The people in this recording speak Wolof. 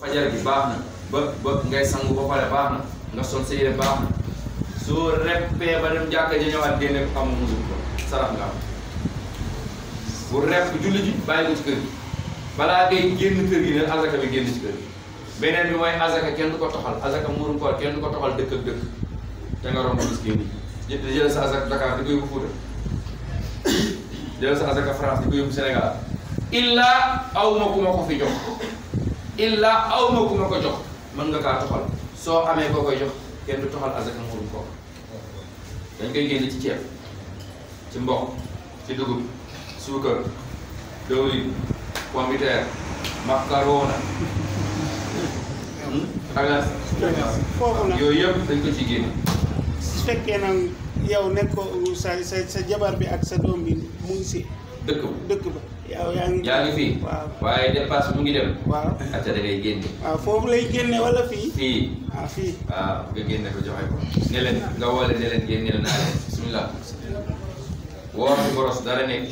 fajar bi baax na ba ba ngay sangu ba pare baax na nga sol sa yére baax na soo reppee ba dem jàkka ji ñëwaat génne ko amu musul ko sarax nga bu repp julli ji bàyyi ko ci kër balaa ngay génn kër gi ne azaka bi génn ci kër beneen bi mooy azaka kenn du ko toxal azaka muurum koor kenn du ko toxal dëkk dëkk da nga romb miskin yi jël sa azaka Dakar di ko yóbbu Fuuta jël sa azaka France di ko yóbbu Sénégal illa aw ma ku fi jox illaa aw ma ku ma ko jox mën nga kaa toxal soo amee koo ko jox kenn du toxal azaka muurum koor dañ koy génne ci ceeb ci mboq ci dugub hmm? yooyu yëpp dañ ko ci génne su nag yow nekk ko sa sa sa jabar bi ak sa doom bi mu ngi si dëkk ba dëkk ba yow yaa ngi yaa ngi fii waaw waaye dépasse mu ngi dem waaw acca da ngay génne waaw foofu lay génne wala fii fii ah fii waaw ah, nga génne ko joxe ko ne leen nga woole ne leen naa leen bismillah woor bi boros dara nekk